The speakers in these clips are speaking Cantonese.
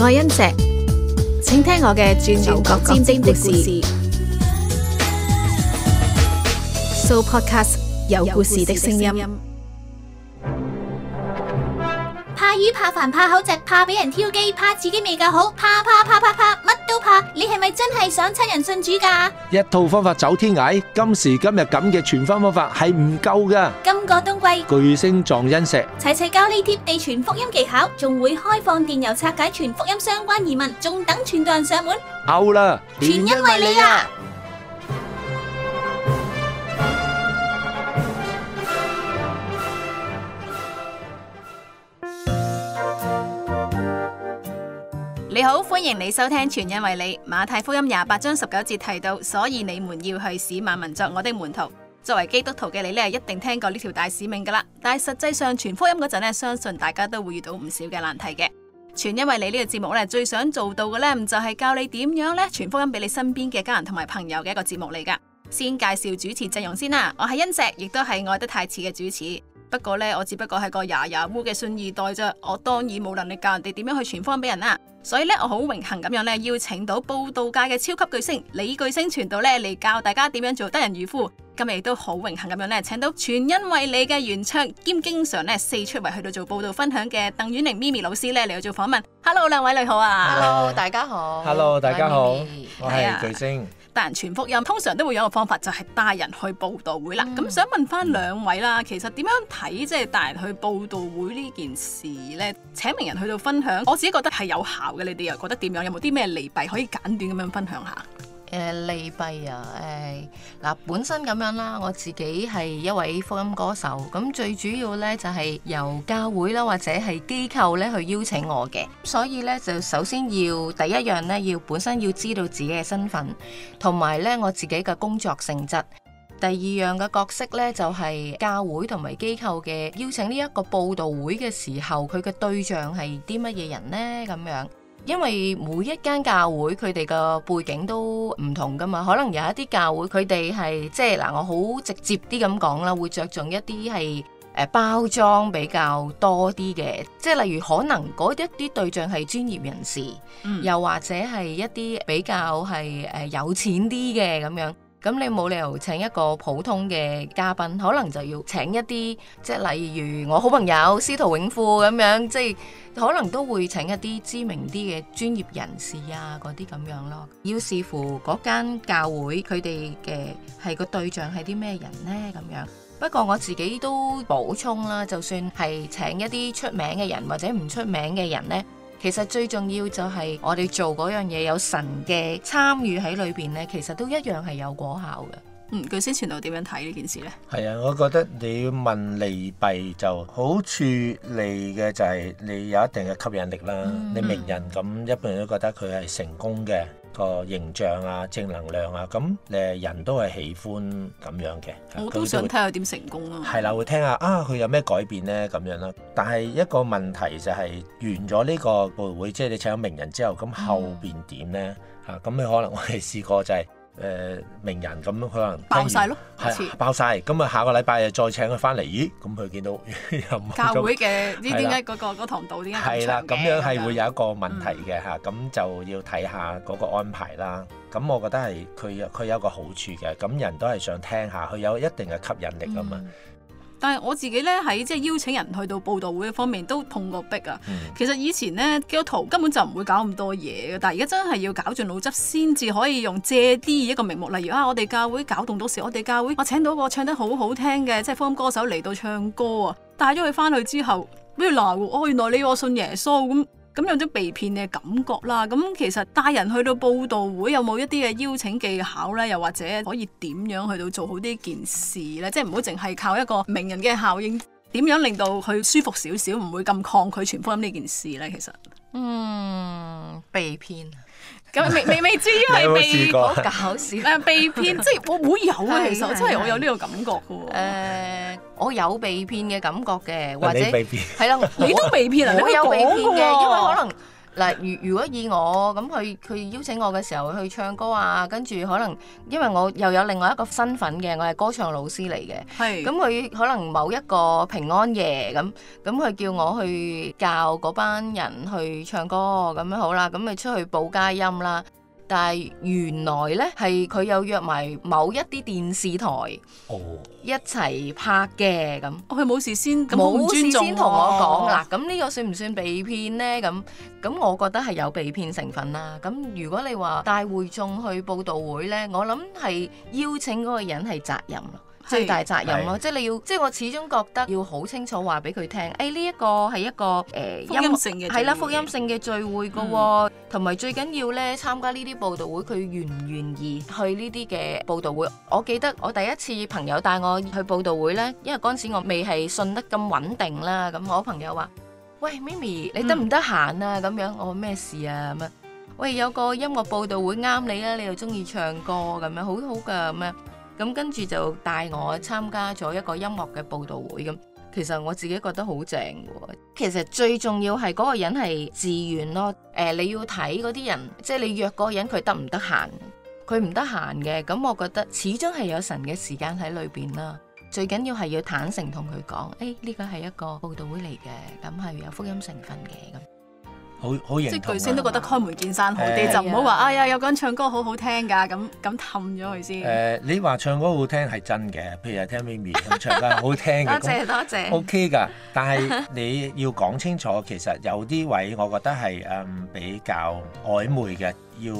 愛恩石，請聽我嘅轉轉角尖尖的故事。So podcast 有故事的聲音。怕魚怕煩怕口食怕俾人挑機怕自己未夠好，怕怕怕怕怕，乜都怕，你係咪真係想親人信主噶？一套方法走天涯，今時今日咁嘅傳福音方法係唔夠噶。今個冬季巨星撞恩石，齊齊教呢貼地傳福音技巧，仲會開放電郵拆解傳福音相關疑問，仲等傳道人上門。嘔啦！全因為你啊！你好，歡迎你收聽全因為你馬太福音廿八章十九節提到，所以你們要去使萬民作我的門徒。作為基督徒嘅你咧，你一定聽過呢條大使命噶啦。但係實際上傳福音嗰陣咧，相信大家都會遇到唔少嘅難題嘅。全因為你呢個節目咧，最想做到嘅咧，就係教你點樣咧傳福音俾你身邊嘅家人同埋朋友嘅一個節目嚟噶。先介紹主持陣容先啦，我係恩石，亦都係愛得太遲嘅主持。不過咧，我只不過係個牙牙烏嘅信二代啫，我當然冇能力教人哋點樣去傳福音俾人啦。所以咧，我好榮幸咁樣咧，邀請到報道界嘅超級巨星李巨星傳道咧嚟教大家點樣做得人漁夫。今日亦都好榮幸咁樣咧，請到全因為你嘅原唱兼經常咧四出圍去到做報道分享嘅鄧婉玲咪咪老師咧嚟到做訪問。Hello，兩位你好啊！Hello。Hello 大家好。Hello，大家好。我係巨星。Yeah. 帶人傳福音，通常都會有一個方法，就係、是、帶人去佈道會啦。咁、嗯、想問翻兩位啦，其實點樣睇即係帶人去佈道會呢件事呢？請名人去到分享，我自己覺得係有效嘅。你哋又覺得點樣？有冇啲咩利弊可以簡短咁樣分享下？誒、呃、利弊啊！誒、哎、嗱，本身咁樣啦，我自己係一位福音歌手，咁最主要呢就係由教會啦或者係機構咧去邀請我嘅，所以呢，就首先要第一樣呢要本身要知道自己嘅身份，同埋呢我自己嘅工作性質。第二樣嘅角色呢，就係教會同埋機構嘅邀請呢一個佈道會嘅時候，佢嘅對象係啲乜嘢人呢？咁樣。因為每一間教會佢哋嘅背景都唔同㗎嘛，可能有一啲教會佢哋係即係嗱，我好直接啲咁講啦，會着重一啲係誒包裝比較多啲嘅，即係例如可能嗰一啲對象係專業人士，嗯、又或者係一啲比較係誒有錢啲嘅咁樣。咁你冇理由請一個普通嘅嘉賓，可能就要請一啲即係例如我好朋友司徒永富咁樣，即係可能都會請一啲知名啲嘅專業人士啊嗰啲咁樣咯。要視乎嗰間教會佢哋嘅係個對象係啲咩人呢咁樣。不過我自己都補充啦，就算係請一啲出名嘅人或者唔出名嘅人呢。其實最重要就係我哋做嗰樣嘢有神嘅參與喺裏邊呢，其實都一樣係有果效嘅。嗯，佢先前度點樣睇呢件事呢？係啊，我覺得你要問利弊，就好處利嘅就係你有一定嘅吸引力啦。嗯嗯。你名人咁，一般人都覺得佢係成功嘅。個形象啊，正能量啊，咁誒人都係喜歡咁樣嘅。我都想睇下點成功啊。係啦，會聽下啊，佢有咩改變呢？咁樣啦。但係一個問題就係完咗呢個會，即係你請咗名人之後，咁後邊點呢？嗯、啊，咁你可能我哋試過就係。誒、呃、名人咁樣，佢可能爆晒咯，係爆晒。咁啊，下個禮拜又再請佢翻嚟，咦？咁佢見到 教會嘅呢啲咧，那個的個個堂度啲人係啦，咁樣係會有一個問題嘅嚇，咁、嗯、就要睇下嗰個安排啦。咁我覺得係佢佢有個好處嘅，咁人都係想聽下，佢有一定嘅吸引力啊嘛。嗯但係我自己咧，喺即係邀請人去到佈道會嘅方面都碰過壁啊。嗯、其實以前咧，基督徒根本就唔會搞咁多嘢嘅，但係而家真係要搞盡腦汁先至可以用借啲一個名目，例如啊，我哋教會搞動到時，我哋教會我請到一個唱得好好聽嘅即係福音歌手嚟到唱歌啊，帶咗佢翻去之後，咩嗱哦，原來你我信耶穌咁。咁有啲被騙嘅感覺啦，咁其實帶人去到佈道會有冇一啲嘅邀請技巧呢？又或者可以點樣去到做好呢件事呢？即係唔好淨係靠一個名人嘅效應，點樣令到佢舒服少少，唔會咁抗拒傳福音呢件事呢？其實，嗯，被騙。咁未未未知未被搞笑，誒被騙，即係我會有啊。其實我真係我有呢個感覺嘅。誒，我有被騙嘅感覺嘅，或者係啦，你都被騙啊！ 我有被騙嘅，因為可能。嗱，如如果以我咁，佢佢邀請我嘅時候去唱歌啊，跟住可能因為我又有另外一個身份嘅，我係歌唱老師嚟嘅，咁佢係可能某一個平安夜咁，咁佢叫我去教嗰班人去唱歌，咁樣好啦，咁咪出去補佳音啦。但係原來呢，係佢有約埋某一啲電視台一齊拍嘅咁。佢冇、哦、那事先冇、啊、事先同我講 啦。咁呢個算唔算被騙呢？咁咁我覺得係有被騙成分啦。咁如果你話帶會眾去報道會呢，我諗係邀請嗰個人係責任啦。最大責任咯，即係你要，即係我始終覺得要好清楚話俾佢聽，誒呢一個係一個誒福音性嘅係啦，福音性嘅聚會噶，同埋、嗯、最緊要咧參加呢啲報道會，佢願唔願意去呢啲嘅報道會。我記得我第一次朋友帶我去報道會咧，因為嗰陣時我未係信得咁穩定啦，咁我朋友話：喂，咪咪，你得唔得閒啊？咁、嗯、樣我咩事啊？咁啊，喂，有個音樂報道會啱你啦，你又中意唱歌咁樣，好好噶咁樣。咁跟住就帶我參加咗一個音樂嘅報道會咁，其實我自己覺得好正喎。其實最重要係嗰個人係自願咯。誒、呃，你要睇嗰啲人，即係你約嗰個人佢得唔得閒？佢唔得閒嘅，咁我覺得始終係有神嘅時間喺裏邊啦。最緊要係要坦誠同佢講，誒、哎、呢個係一個報道會嚟嘅，咁係有福音成分嘅咁。好好認同即係佢先都覺得開門見山好啲，呃、就唔好話哎呀，有個人唱歌好好聽㗎，咁咁氹咗佢先。誒、呃，你話唱歌好聽係真嘅，譬如係，聽 Mimi 唱歌好聽嘅。 多謝多謝。OK 㗎，但係你要講清楚，其實有啲位我覺得係誒、嗯、比較曖昧嘅。要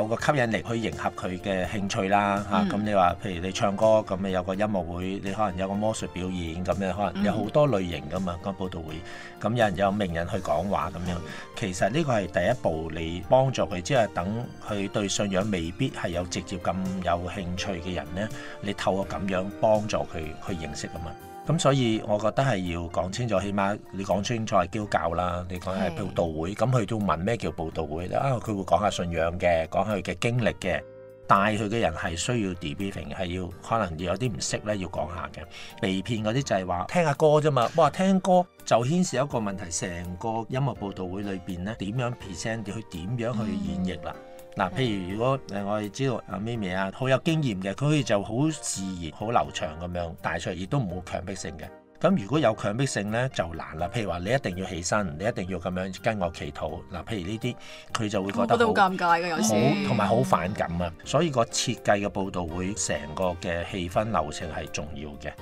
有個吸引力去迎合佢嘅興趣啦，嚇咁、嗯啊、你話譬如你唱歌，咁你有個音樂會，你可能有個魔術表演，咁樣可能有好多類型噶嘛，個布道會，咁有人有名人去講話咁樣，其實呢個係第一步，你幫助佢，即係等佢對信仰未必係有直接咁有興趣嘅人呢。你透過咁樣幫助佢去認識噶嘛。咁、嗯、所以，我覺得係要講清楚，起碼你講清楚係嬌教啦，你講係報道會，咁佢都問咩叫報道會，啦啊？佢會講下信仰嘅，講下佢嘅經歷嘅，帶佢嘅人係需要 debating 係要可能要有啲唔識咧，要講下嘅。被騙嗰啲就係話聽下歌啫嘛，哇！聽歌就牽涉一個問題，成個音樂報道會裏邊咧點樣 present 佢點樣去演繹啦。嗯嗱，譬如如果誒、嗯、我哋知道阿咪咪啊，好有經驗嘅，佢可以就好自然、好流暢咁樣帶出嚟，亦都冇強迫性嘅。咁如果有強迫性咧，就難啦。譬如話你一定要起身，你一定要咁樣跟我祈禱。嗱，譬如呢啲，佢就會覺得好，我覺得好尷尬嘅有時，同埋好反感啊。所以個設計嘅報道會成個嘅氣氛流程係重要嘅。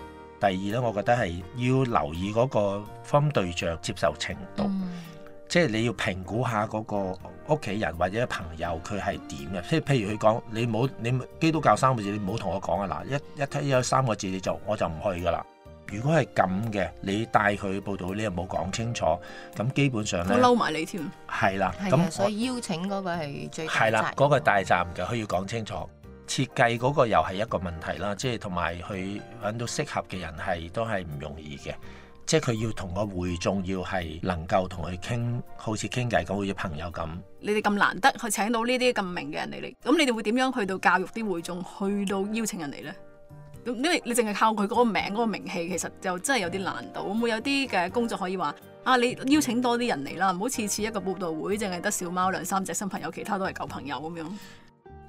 第二咧，我覺得係要留意嗰個分對象接受程度。嗯即係你要評估下嗰個屋企人或者朋友佢係點嘅？即係譬如佢講，你冇你基督教三個字你唔好同我講啊！嗱，一一一有三個字你就我就唔去噶啦。如果係咁嘅，你帶佢去報道你又冇講清楚，咁基本上咧，撈埋你添。係啦，咁所以邀請嗰個係最係啦，嗰、嗰個大站嘅，佢要講清楚設計嗰個又係一個問題啦。即係同埋佢揾到適合嘅人係都係唔容易嘅。即係佢要同個會眾要係能夠同佢傾，好似傾偈咁，好似朋友咁。你哋咁難得去請到呢啲咁名嘅人嚟，咁你哋會點樣去到教育啲會眾，去到邀請人嚟咧？咁因為你淨係靠佢嗰個名嗰個名氣，其實就真係有啲難度。會唔會有啲嘅工作可以話啊？你邀請多啲人嚟啦，唔好次次一個報道會淨係得小貓兩三隻新朋友，其他都係舊朋友咁樣。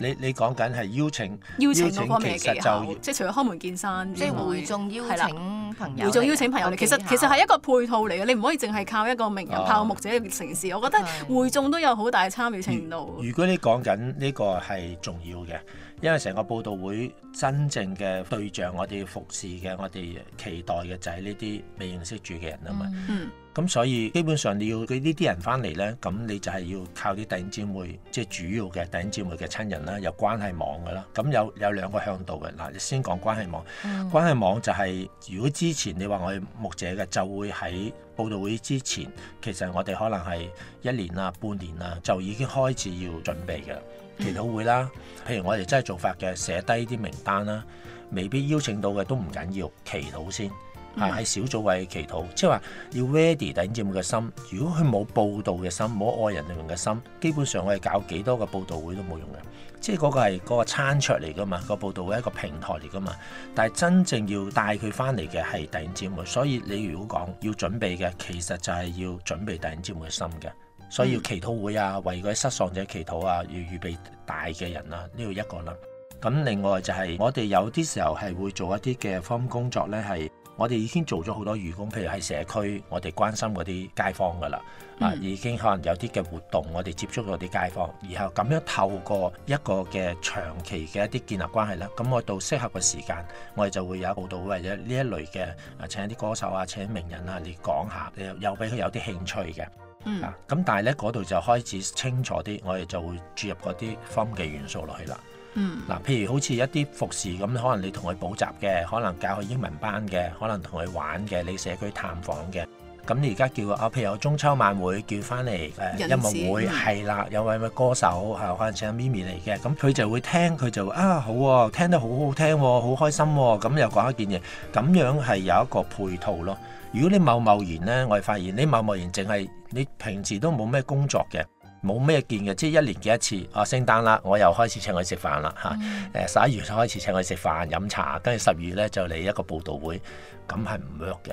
你你講緊係邀請，邀請嗰方面咩技巧？即係除咗開門見山，即係會眾邀請朋友，會眾邀請朋友其實，其實係一個配套嚟嘅。你唔可以淨係靠一個名人、拍目者、城市，我覺得會眾都有好大嘅參與程度。哦、如果你講緊呢個係重要嘅，因為成個報道會真正嘅對象，我哋要服侍嘅，我哋期待嘅就係呢啲未認識住嘅人啊嘛。嗯。嗯咁所以基本上你要佢呢啲人翻嚟呢，咁你就係要靠啲弟兄姊妹，即係主要嘅弟兄姊妹嘅親人啦，有關係網噶啦。咁有有兩個向度嘅，嗱，你先講關係網。嗯、關係網就係如果之前你話我哋牧者嘅，就會喺佈道會之前，其實我哋可能係一年啊、半年啊，就已經開始要準備嘅。祈禱會啦，譬如我哋真係做法嘅，寫低啲名單啦，未必邀請到嘅都唔緊要，祈禱先。啊！喺小組為嘅祈禱，即係話要 ready 第二節目嘅心。如果佢冇佈道嘅心，冇愛人哋嘅心，基本上我哋搞幾多個佈道會都冇用嘅。即係嗰個係個餐桌嚟噶嘛，個佈道會一個平台嚟噶嘛。但係真正要帶佢翻嚟嘅係第二節目。所以你如果講要準備嘅，其實就係要準備第二節目嘅心嘅。所以要祈禱會啊，為嗰啲失喪者祈禱啊，要預備大嘅人啊，呢個一個啦。咁另外就係、是、我哋有啲時候係會做一啲嘅方工作呢。係。我哋已經做咗好多義工，譬如喺社區，我哋關心嗰啲街坊噶啦，嗯、啊已經可能有啲嘅活動，我哋接觸咗啲街坊，然後咁樣透過一個嘅長期嘅一啲建立關係咧，咁我到適合嘅時間，我哋就會有報導或者呢一類嘅啊請啲歌手啊請名人啊嚟講下，又又俾佢有啲興趣嘅，嗯、啊咁但係呢嗰度就開始清楚啲，我哋就會注入嗰啲 fun 嘅元素落去啦。嗱，譬、嗯、如好似一啲服侍咁，可能你同佢補習嘅，可能教佢英文班嘅，可能同佢玩嘅，你社區探訪嘅，咁你而家叫啊，譬如我中秋晚會叫翻嚟誒音樂會，係啦、嗯，有位咩歌手嚇、啊，可能請阿咪咪嚟嘅，咁佢就會聽，佢就啊好喎、啊，聽得好好聽喎、哦，好開心喎、哦，咁又講一件嘢，咁樣係有一個配套咯。如果你貿貿然咧，我哋發現你貿貿然淨係你平時都冇咩工作嘅。冇咩見嘅，即係一年幾一次。啊，聖誕啦，我又開始請佢食飯啦嚇。誒、嗯，十一、呃、月開始請佢食飯飲茶，跟住十二月咧就嚟一個報道會，咁係唔 work 嘅。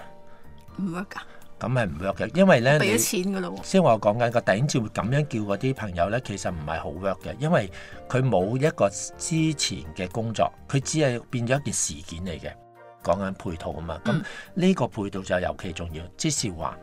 唔 work 㗎、啊？咁係唔 work 嘅，因為咧俾咗錢㗎咯、哦。先我講緊個頂住會咁樣叫嗰啲朋友咧，其實唔係好 work 嘅，因為佢冇一個之前嘅工作，佢只係變咗一件事件嚟嘅，講緊配套啊嘛。咁呢、嗯、個配套就尤其重要，即是話。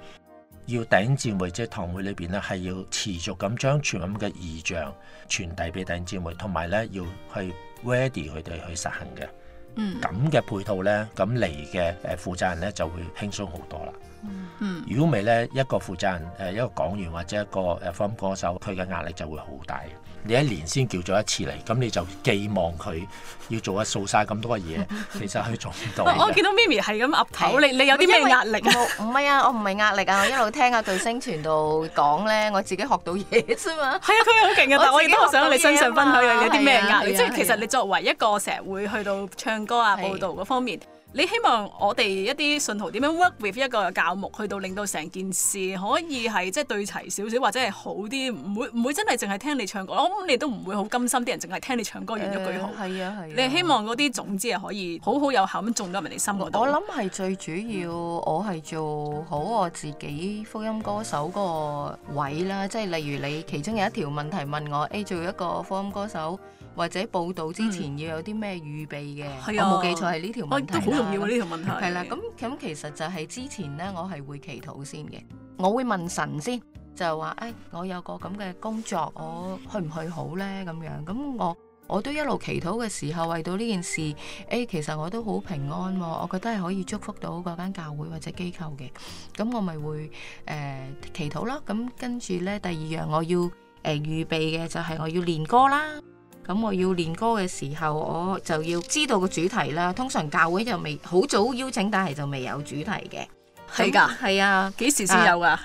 要頂尖會即係堂會裏邊咧，係要持續咁將全組嘅異象傳遞俾頂尖會，同埋咧要去 ready 佢哋去實行嘅。嗯，咁嘅配套咧，咁嚟嘅誒負責人咧就會輕鬆好多啦、嗯。嗯，如果未咧一個負責人誒一個講員或者一個誒 form 歌手，佢嘅壓力就會好大。你一年先叫咗一次嚟，咁你就寄望佢要做一數晒咁多嘅嘢，其實去做唔到。我我見到咪咪係咁岌頭，你你有啲咩壓力？唔係啊，我唔係壓力啊，我一路聽啊巨星傳度講咧，我自己學到嘢啫嘛。係啊，佢好勁啊。但我亦都好想喺你身上分享有啲咩壓力？即係其實你作為一個成日會去到唱歌啊、報道嗰方面。你希望我哋一啲信徒點樣 work with 一個教牧，去到令到成件事可以係即係對齊少少，或者係好啲，唔會唔會真係淨係聽你唱歌。我諗你都唔會好甘心，啲人淨係聽你唱歌完咗、呃、句號。係啊係。啊啊你希望嗰啲種子係可以好好有效咁種到人哋心嗰度。我諗係最主要，我係做好我自己福音歌手個位啦。即係例如你其中有一條問題問我，誒、欸、做一個福音歌手，或者報道之前要有啲咩預備嘅？嗯、我冇記錯係呢條問題，好重要呢條問題係啦。咁咁其實就係之前咧，我係會祈禱先嘅。我會問神先，就係話誒，我有個咁嘅工作，我去唔去好咧？咁樣咁我我都一路祈禱嘅時候，為到呢件事誒、哎，其實我都好平安喎、哦。我覺得係可以祝福到嗰間教會或者機構嘅。咁我咪會誒、呃、祈禱咯。咁跟住咧，第二樣我要誒預、呃、備嘅就係我要練歌啦。咁我要練歌嘅時候，我就要知道個主題啦。通常教會就未好早邀請，但係就未有主題嘅。係噶，係啊，幾時先有啊？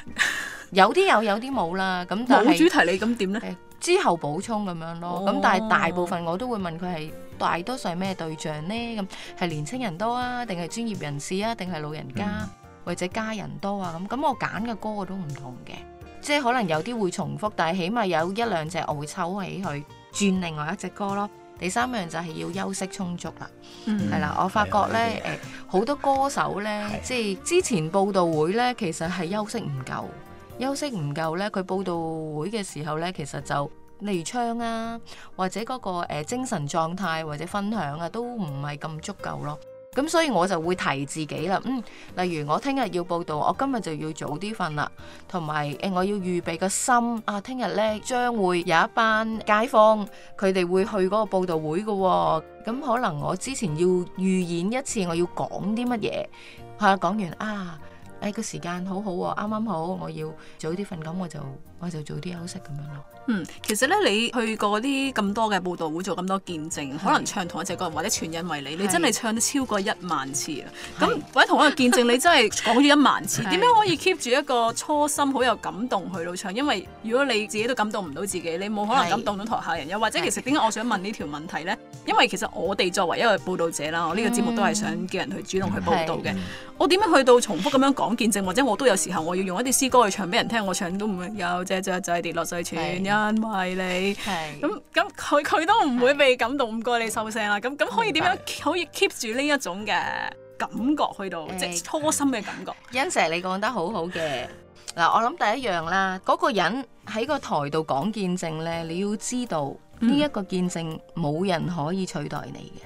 有啲有，有啲冇啦。咁但係冇主題，你咁點咧？之後補充咁樣咯。咁但係大部分我都會問佢係，大多數係咩對象咧？咁係年青人多啊，定係專業人士啊，定係老人家或者家人多啊？咁咁我揀嘅歌我都唔同嘅，即係可能有啲會重複，但係起碼有一兩隻我會抽起佢。轉另外一隻歌咯，第三樣就係要休息充足啦，係啦、嗯，我發覺咧誒好多歌手咧， 即係之前報道會咧，其實係休息唔夠，休息唔夠咧，佢報道會嘅時候咧，其實就例如唱啊，或者嗰個誒精神狀態或者分享啊，都唔係咁足夠咯。咁所以我就會提自己啦，嗯，例如我聽日要報道，我今日就要早啲瞓啦，同埋誒我要預備個心啊，聽日呢將會有一班街坊，佢哋會去嗰個報道會㗎、喎，咁可能我之前要預演一次，我要講啲乜嘢，吓、啊、講完啊，誒、哎這個時間好好喎、哦，啱啱好，我要早啲瞓，咁我就。我就早啲休息咁樣咯。嗯，其實咧，你去過啲咁多嘅報道會做咁多見證，是可能唱同一隻歌或者全因為你，是你真係唱得超過一萬次啦。咁是或者同一個見證， 你真係講咗一萬次，點是樣可以 keep 住一個初心好有感動去到唱？因為如果你自己都感動唔到自己，你冇可能感動到台下人。又或者其實點解我想問呢條問題咧？因為其實我哋作為一個報道者啦，我呢個節目都係想叫人去主動去報道嘅。嗯、我點樣去到重複咁樣講見證，或者我都有時候我要用一啲詩歌去唱俾人聽。我唱都唔會有。謝謝，就係跌落水全因為你，咁咁佢佢都唔會被感動唔該你收聲啦。咁咁可以點樣可以 keep 住呢一種嘅感覺去到，即係初心嘅感覺。欣 sir，你講得好好嘅嗱，我諗第一樣啦，嗰個人喺個台度講見證咧，你要知道呢一個見證冇人可以取代你嘅。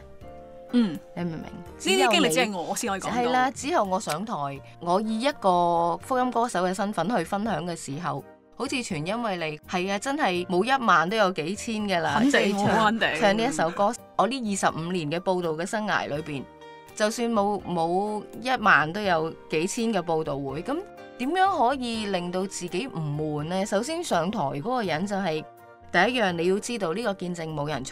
嗯，你明唔明？呢啲經歷即係我先可以講。係啦，之後我上台，我以一個福音歌手嘅身份去分享嘅時候。好似全因為你係啊！真係冇一萬都有幾千嘅啦。肯定、啊、唱呢、啊、一首歌， 我呢二十五年嘅佈道嘅生涯裏邊，就算冇冇一萬都有幾千嘅佈道會。咁點樣可以令到自己唔悶呢？首先上台嗰個人就係、係、第一樣，你要知道呢個見證冇人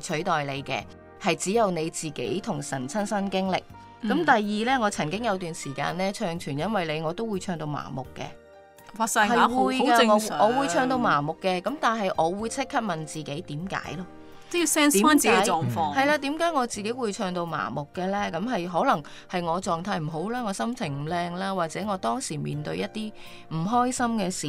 取代你嘅，係只有你自己同神親身經歷。咁、嗯、第二呢，我曾經有段時間呢，唱全因為你，我都會唱到麻木嘅。發晒我我會唱到麻木嘅，咁但係我會即刻問自己點解咯？都要 sense 翻自己狀況，係啦，點解、嗯啊、我自己會唱到麻木嘅咧？咁係可能係我狀態唔好啦，我心情唔靚啦，或者我當時面對一啲唔開心嘅事，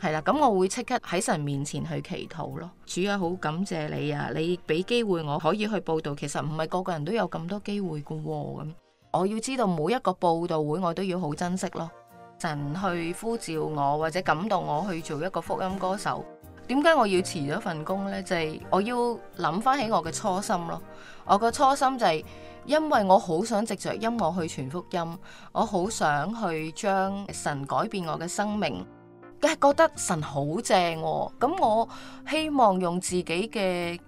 係啦、啊，咁我會即刻喺神面前去祈禱咯。主啊，好感謝你啊，你俾機會我可以去報道，其實唔係個個人都有咁多機會噶喎、啊。咁我要知道每一個報道會，我都要好珍惜咯。神去呼召我或者感動我去做一個福音歌手，點解我要辭咗份工咧？就係、是、我要諗翻起我嘅初心咯。我個初心就係因為我好想藉着音樂去傳福音，我好想去將神改變我嘅生命。梗係覺得神好正、哦，咁我希望用自己嘅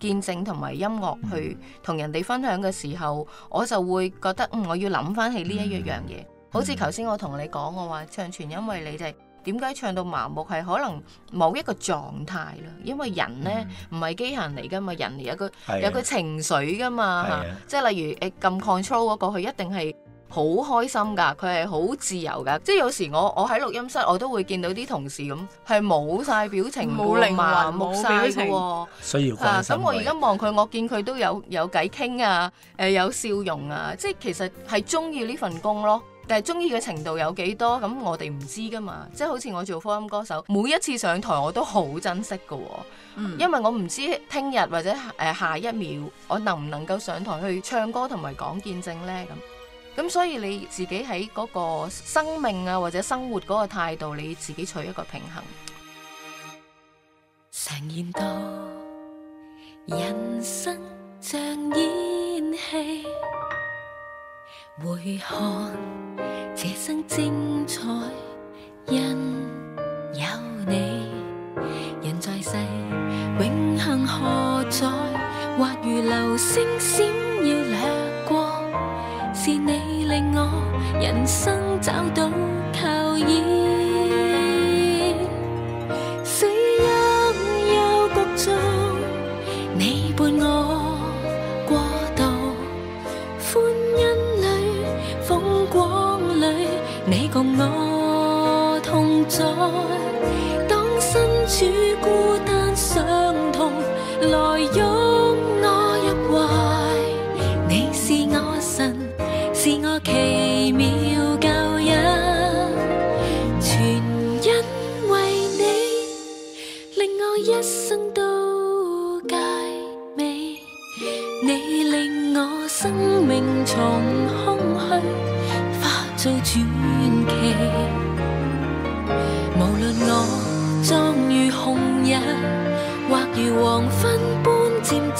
見證同埋音樂去同人哋分享嘅時候，我就會覺得嗯，我要諗翻起呢一樣嘢。好似頭先我同你講，我話唱全因為你哋點解唱到麻木，係可能某一個狀態啦。因為人咧唔係機械嚟㗎嘛，人有個有個情緒㗎嘛的、啊、即係例如誒撳 control 嗰個，佢一定係好開心㗎，佢係好自由㗎。即係有時我我喺錄音室，我都會見到啲同事咁係冇晒表情，冇靈魂，冇表情，冇晒，需要關心。咁、啊嗯、我而家望佢，我見佢都有有偈傾啊，誒、啊、有笑容啊，即係其實係鍾意呢份工咯。係中意嘅程度有幾多？咁我哋唔知噶嘛，即係好似我做科音歌手，每一次上台我都好珍惜噶喎、哦，嗯、因為我唔知聽日或者誒下一秒我能唔能夠上台去唱歌同埋講見證呢。咁。咁所以你自己喺嗰個生命啊或者生活嗰個態度，你自己取一個平衡。呃、人生像演戲回看這生精彩，因有你。人在世，永恆何在？或如流星閃耀掠過，是你令我人生找到。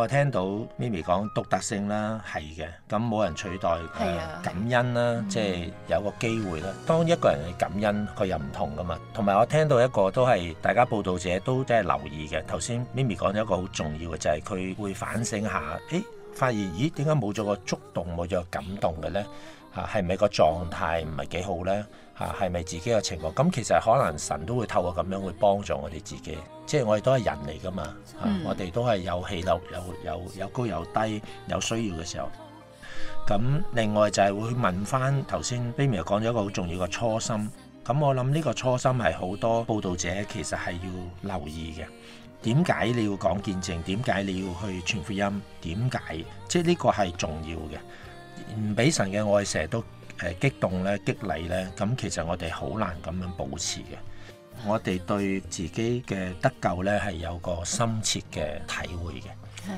我聽到咪咪 m i 講獨特性啦，係嘅，咁冇人取代感恩啦，啊、即係有個機會啦。當一個人嘅感恩，佢又唔同㗎嘛。同埋我聽到一個都係大家報導者都即係留意嘅。頭先咪咪 m 講咗一個好重要嘅就係、是、佢會反省下，哎，發現咦，點解冇咗個觸動冇咗感動嘅咧？嚇係咪個狀態唔係幾好咧？啊，係咪自己嘅情況？咁、啊、其實可能神都會透過咁樣會幫助我哋自己，即係我哋都係人嚟噶嘛。啊嗯啊、我哋都係有起落，有有有高有低，有需要嘅時候。咁、啊、另外就係會問翻頭先，Bee 講咗一個好重要嘅初心。咁、啊嗯嗯、我諗呢個初心係好多報導者其實係要留意嘅。點解你要講見證？點解你要去傳福音？點解？即係呢個係重要嘅，唔俾神嘅愛成日都……誒激動咧，激勵咧，咁其實我哋好難咁樣保持嘅。我哋對自己嘅得救咧係有個深切嘅體會嘅。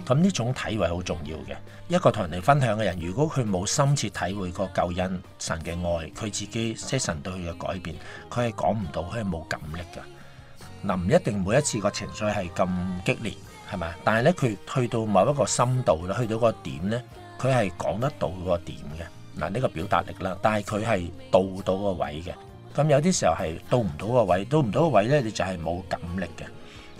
咁呢種體會好重要嘅。一個同人哋分享嘅人，如果佢冇深切體會過救恩、神嘅愛，佢自己些神對佢嘅改變，佢係講唔到，佢係冇感力㗎。嗱，唔一定每一次個情緒係咁激烈，係咪啊？但係咧，佢去到某一個深度啦，去到個點咧，佢係講得到個點嘅。嗱呢個表達力啦，但係佢係到到個位嘅。咁有啲時候係到唔到個位，到唔到個位呢，你就係冇感力嘅。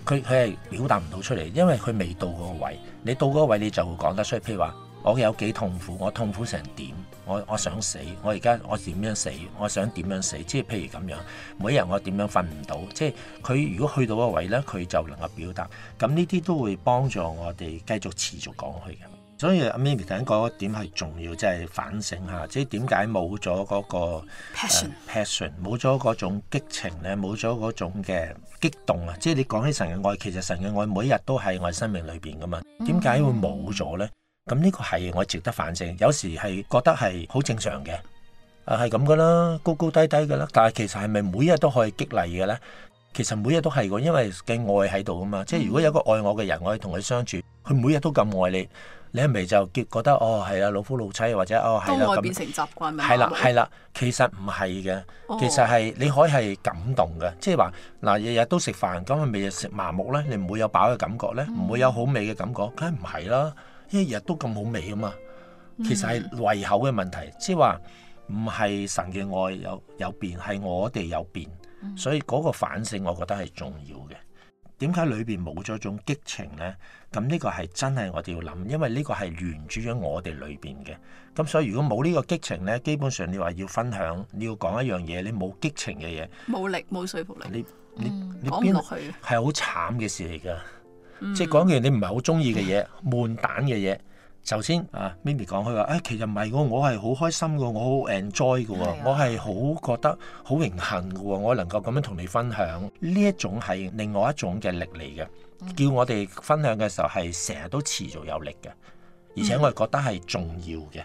佢佢係表達唔到出嚟，因為佢未到嗰個位。你到嗰個位你就會講得出。譬如話，我有幾痛苦，我痛苦成點，我我想死，我而家我點樣死，我想點樣死，即係譬如咁樣。每日我點樣瞓唔到，即係佢如果去到個位呢，佢就能夠表達。咁呢啲都會幫助我哋繼續持續講去嘅。所以阿 Mimi 第一個點係重要，即係反省下，即係點解冇咗嗰個 passion，passion 冇咗嗰種激情咧，冇咗嗰種嘅激動啊！即係你講起神嘅愛，其實神嘅愛每一日都喺我生命裏邊噶嘛，點解會冇咗咧？咁呢個係我值得反省。有時係覺得係好正常嘅，啊係咁噶啦，高高低低噶啦。但係其實係咪每日都可以激勵嘅咧？其實每日都係喎，因為嘅愛喺度噶嘛。即係如果有個愛我嘅人，我係同佢相處，佢每日都咁愛你。你係咪就結覺得哦係啊老夫老妻或者哦係啦咁，當愛變成習慣咪係啦係啦，其實唔係嘅，oh. 其實係你可以係感動嘅，即係話嗱日日都食飯，咁咪日食麻木咧，你唔會有飽嘅感覺咧，唔、嗯、會有好味嘅感覺，梗係唔係啦？日日都咁好味啊嘛，其實係胃口嘅問題，即係話唔係神嘅愛有有變，係我哋有變，嗯、所以嗰個反省，我覺得係重要嘅。點解裏邊冇咗一種激情咧？咁呢個係真係我哋要諗，因為呢個係聯住咗我哋裏邊嘅。咁所以如果冇呢個激情咧，基本上你話要分享，你要講一樣嘢，你冇激情嘅嘢，冇力，冇說服力。你你講唔落去，係好慘嘅事嚟噶，嗯、即係講完你唔係好中意嘅嘢，悶、嗯、蛋嘅嘢。首先啊，Mimi 講佢話，啊，咪咪哎，其實唔係我，我係好開心嘅，我好 enjoy 嘅，的我係好覺得好榮幸嘅。我能夠咁樣同你分享，呢一種係另外一種嘅力嚟嘅，叫我哋分享嘅時候係成日都持續有力嘅，而且我哋覺得係重要嘅。的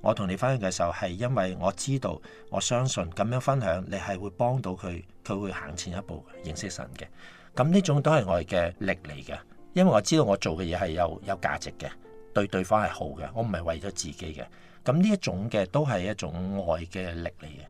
我同你分享嘅時候，係因為我知道，我相信咁樣分享，你係會幫到佢，佢會行前一步認識神嘅。咁呢種都係我哋嘅力嚟嘅，因為我知道我做嘅嘢係有有價值嘅。對對方係好嘅，我唔係為咗自己嘅，咁呢一種嘅都係一種愛嘅力嚟嘅。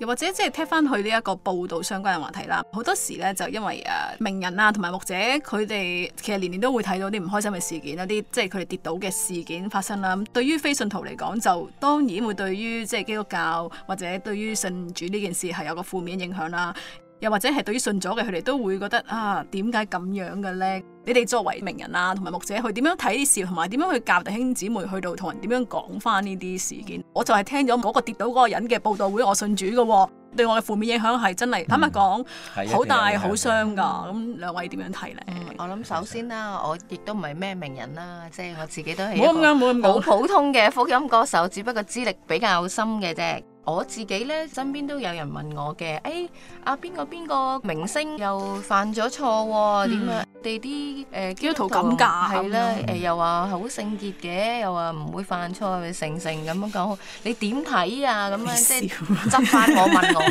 又或者即係聽翻去呢一個報道相關嘅話題啦，好多時咧就因為誒名人啊，同埋牧者佢哋，其實年年都會睇到啲唔開心嘅事件，一啲即係佢哋跌倒嘅事件發生啦。對於非信徒嚟講，就當然會對於即係基督教或者對於信主呢件事係有個負面影響啦。又或者係對於信咗嘅佢哋都會覺得啊，點解咁樣嘅咧？你哋作為名人啊，同埋牧者，去點樣睇啲事，同埋點樣去教弟兄姊妹去到同人點樣講返呢啲事件？我就係聽咗嗰個跌倒嗰個人嘅佈道會，我信主嘅，對我嘅負面影響係真係，嗯、坦白講好是大好傷㗎。咁、嗯、兩位點樣睇咧、嗯？我諗首先啦，我亦都唔係咩名人啦，即、就、係、是、我自己都係一個好普通嘅福音歌手，只不過資歷比較深嘅啫。我自己咧，身邊都有人問我嘅，誒、哎，阿、啊、邊個邊個明星又犯咗錯、哦，點啊、嗯？哋啲誒基督徒咁架，係啦，誒對、嗯、又話好聖潔嘅，又話唔會犯錯，成性咁樣講，你點睇啊？咁樣、啊、即係執翻我問我，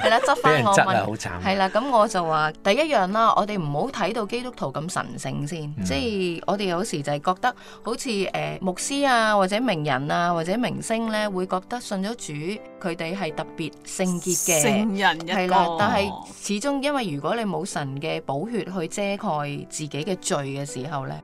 係啦， 執翻我問，好慘，係啦問。咁、啊嗯、我就話第一樣啦，我哋唔好睇到基督徒咁神聖先，即係、嗯、 我哋有時就係覺得好似誒牧師啊，或者名人啊，或者明星咧，覺 會覺得信咗主。佢哋係特別聖潔嘅聖人，係啦。但係始終，因為如果你冇神嘅補血去遮蓋自己嘅罪嘅時候呢，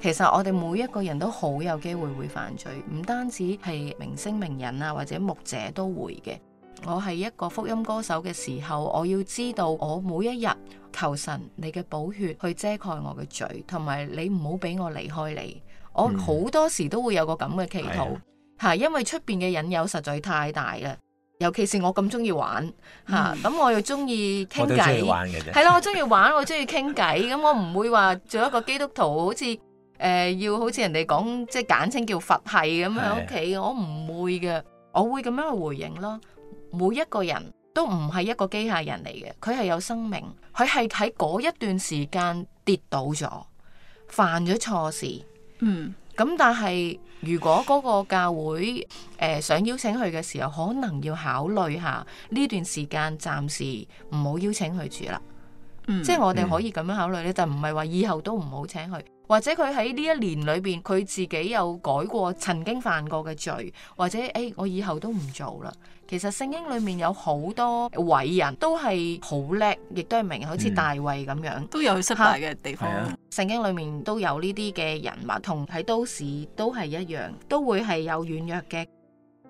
其實我哋每一個人都好有機會會犯罪，唔單止係明星名人啊，或者牧者都會嘅。我係一個福音歌手嘅時候，我要知道我每一日求神你嘅補血去遮蓋我嘅罪，同埋你唔好俾我離開你。嗯、我好多時都會有個咁嘅祈禱。嗯。係，因為出邊嘅引誘實在太大啦，尤其是我咁中意玩吓，咁、嗯啊、我又中意傾偈，係啦，我中意玩，我中意傾偈，咁 我唔會話做一個基督徒，好似誒、呃、要好似人哋講，即係簡稱叫佛系咁喺屋企，我唔會嘅，我會咁樣去回應咯。每一個人都唔係一個機械人嚟嘅，佢係有生命，佢係喺嗰一段時間跌倒咗，犯咗錯事，嗯。咁但係如果嗰個教會誒、呃、想邀請佢嘅時候，可能要考慮下呢段時間暫時唔好邀請佢住啦。嗯、即係我哋可以咁樣考慮咧，嗯、就唔係話以後都唔好請佢。或者佢喺呢一年裏邊，佢自己有改過曾經犯過嘅罪，或者誒、哎，我以後都唔做啦。其實聖經裏面有好多偉人都係好叻，亦都係明，好似大衛咁樣，都、嗯、有佢失敗嘅地方。聖、啊啊、經裏面都有呢啲嘅人物，同喺都市都係一樣，都會係有軟弱嘅。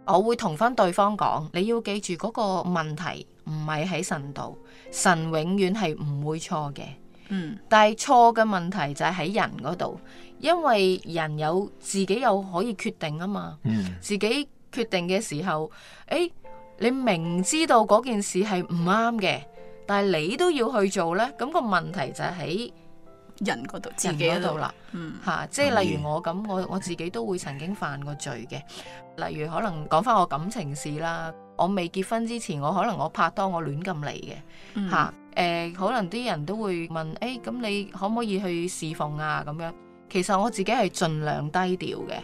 我會同翻對方講，你要記住嗰、那個問題唔係喺神度，神永遠係唔會錯嘅。嗯，但係錯嘅問題就係喺人嗰度，因為人有自己有可以決定啊嘛，嗯、自己決定嘅時候，誒、欸，你明知道嗰件事係唔啱嘅，但係你都要去做咧，咁、個問題就係喺人嗰度，自己嗰度啦，吓、嗯，嗯、即係例如我咁，我、嗯、我自己都會曾經犯過罪嘅，嗯、例如可能講翻我感情事啦，我未結婚之前，我可能我拍拖，我亂咁嚟嘅，吓、嗯。誒、呃、可能啲人都會問，誒、哎、咁你可唔可以去侍奉啊？咁樣其實我自己係盡量低調嘅，嚇、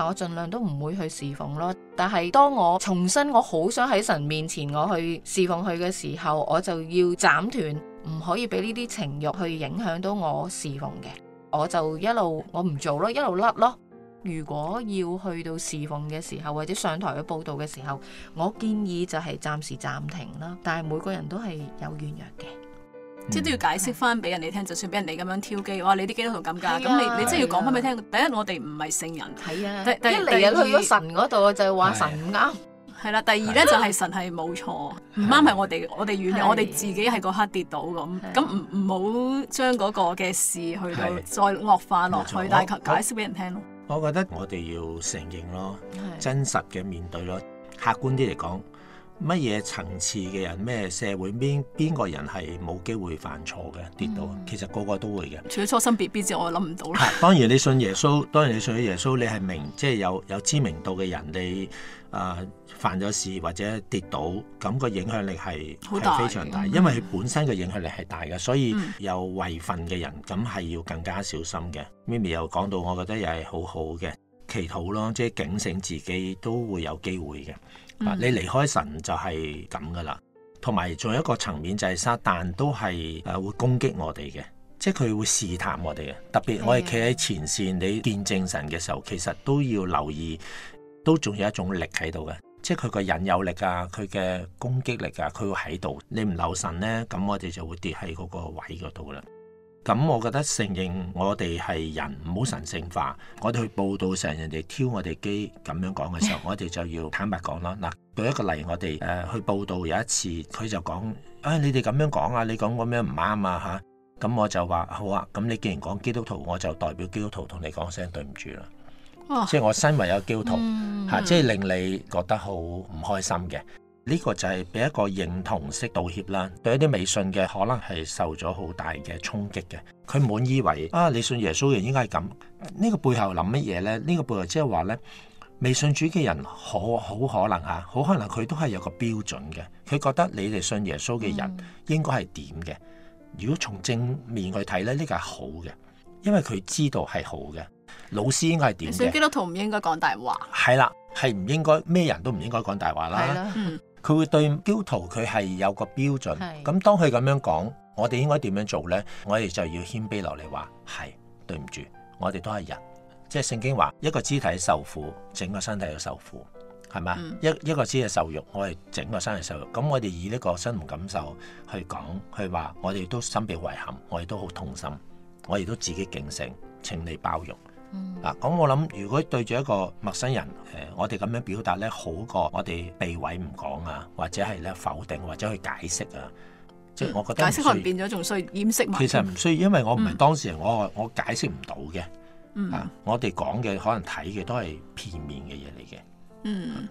嗯、我盡量都唔會去侍奉咯。但係當我重新，我好想喺神面前我去侍奉佢嘅時候，我就要斬斷，唔可以俾呢啲情慾去影響到我侍奉嘅，我就一路我唔做咯，一路甩咯。如果要去到侍奉嘅時候，或者上台去報道嘅時候，我建議就係暫時暫停啦。但係每個人都係有軟弱嘅，即係都要解釋翻俾人哋聽。就算俾人哋咁樣挑機，哇！你啲基督徒咁㗎，咁你你即係要講翻俾聽。第一，我哋唔係聖人，係啊。第第一嚟，去咗神嗰度就係話神唔啱，係啦。第二咧就係神係冇錯，唔啱係我哋，我哋軟弱，我哋自己喺嗰刻跌倒咁。咁唔唔好將嗰個嘅事去到再惡化落去，但係解釋俾人聽咯。我覺得我哋要承認咯，的真實嘅面對咯，客觀啲嚟講，乜嘢層次嘅人、咩社會邊邊個人係冇機會犯錯嘅跌倒？嗯、其實個個都會嘅。除咗初生 BB 之外，我諗唔到啦 當然你信耶穌，當然你信耶穌，你係明，即、就、係、是、有有知名度嘅人，你。誒、啊、犯咗事或者跌倒，咁個影響力係非常大，嗯、因為佢本身嘅影響力係大嘅，所以有餵訓嘅人咁係、嗯、要更加小心嘅。咪咪又講到，我覺得又係好好嘅祈禱咯，即係警醒自己都會有機會嘅。啊嗯、你離開神就係咁噶啦。同埋仲有一個層面就係撒旦都係誒會攻擊我哋嘅，即係佢會試探我哋嘅。特別我哋企喺前線，你見證神嘅時候，其實都要留意。都仲有一種力喺度嘅，即係佢個引誘力啊，佢嘅攻擊力啊，佢會喺度。你唔留神呢，咁我哋就會跌喺嗰個位嗰度噶啦。咁我覺得承認我哋係人，唔好神聖化。我哋去報導成人哋挑我哋機咁樣講嘅時候，我哋就要坦白講啦。嗱，舉一個例，我哋誒、呃、去報導有一次，佢就講、哎啊啊：啊，你哋咁樣講啊，你講咁樣唔啱啊嚇。咁我就話好啊，咁你既然講基督徒，我就代表基督徒同你講聲對唔住啦。哦、即係我身為一個基督徒嚇，嗯、即係令你覺得好唔開心嘅。呢、這個就係俾一個認同式道歉啦。對一啲未信嘅可能係受咗好大嘅衝擊嘅，佢滿以為啊，你信耶穌嘅人應該係咁。呢、這個背後諗乜嘢呢？呢、這個背後即係話呢，未信主嘅人好好可能嚇、啊，好可能佢都係有個標準嘅。佢覺得你哋信耶穌嘅人應該係點嘅？如果從正面去睇呢，呢、這個係好嘅，因為佢知道係好嘅。老師應該係點嘅？基督徒唔應該講大話。係啦，係唔應該咩人都唔應該講大話啦。佢、嗯、會對基督徒，佢係有個標準。咁的當佢咁樣講，我哋應該點樣做呢？我哋就要謙卑落嚟，話係對唔住，我哋都係人。即係聖經話，一個肢體受苦，整個身體都受苦，係咪？嗯、一一個肢體受辱，我哋整個身體受辱。咁我哋以呢個身同感受去講去話，我哋都深表遺憾，我哋都好痛心，我哋都自己警醒，請你包容。嗱，咁、嗯、我諗，如果對住一個陌生人，誒，我哋咁樣表達咧，好過我哋避諱唔講啊，或者係咧否定，或者去解釋啊，即係我覺得 feet,、嗯、解釋可能變咗仲需掩飾。其實唔需要，因為我唔係當事人，嗯、我我解釋唔到嘅。啊，嗯、我哋講嘅可能睇嘅都係片面嘅嘢嚟嘅。嗯、嗯，